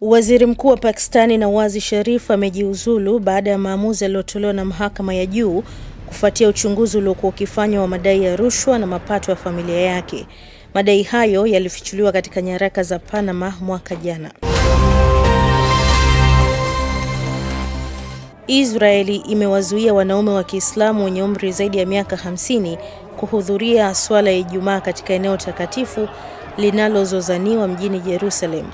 Waziri Mkuu wa Pakistani wazi Sharif amejiuzulu baada ya maamuzi yaliyotolewa na mahakama ya juu kufuatia uchunguzi uliokuwa ukifanywa wa madai ya rushwa na mapato ya familia yake. Madai hayo yalifichuliwa katika nyaraka za Panama mwaka jana. Israeli imewazuia wanaume wa Kiislamu wenye umri zaidi ya miaka 50 kuhudhuria swala ya Ijumaa katika eneo takatifu linalozozaniwa mjini Jerusalem.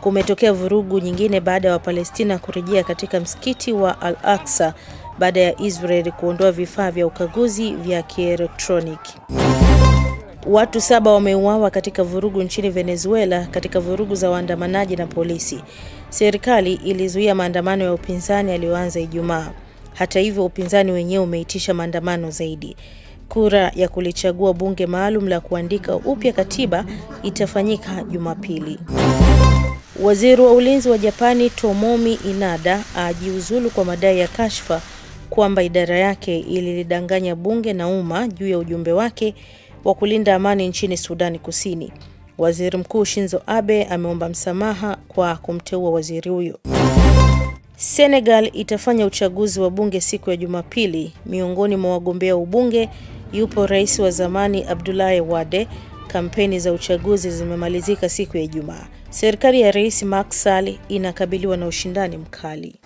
Kumetokea vurugu nyingine baada ya Wapalestina kurejea katika msikiti wa Al-Aqsa baada ya Israel kuondoa vifaa vya ukaguzi vya kielektroniki. Watu saba wameuawa katika vurugu nchini Venezuela katika vurugu za waandamanaji na polisi. Serikali ilizuia maandamano ya upinzani yaliyoanza Ijumaa. Hata hivyo, upinzani wenyewe umeitisha maandamano zaidi. Kura ya kulichagua bunge maalum la kuandika upya katiba itafanyika Jumapili. Waziri wa ulinzi wa Japani Tomomi Inada ajiuzulu kwa madai ya kashfa kwamba idara yake ililidanganya bunge na umma juu ya ujumbe wake wa kulinda amani nchini Sudani Kusini. Waziri Mkuu Shinzo Abe ameomba msamaha kwa kumteua waziri huyo. Senegal itafanya uchaguzi wa bunge siku ya Jumapili. Miongoni mwa wagombea ubunge yupo rais wa zamani Abdoulaye Wade Kampeni za uchaguzi zimemalizika siku ya Ijumaa. Serikali ya Rais Macky Sall inakabiliwa na ushindani mkali.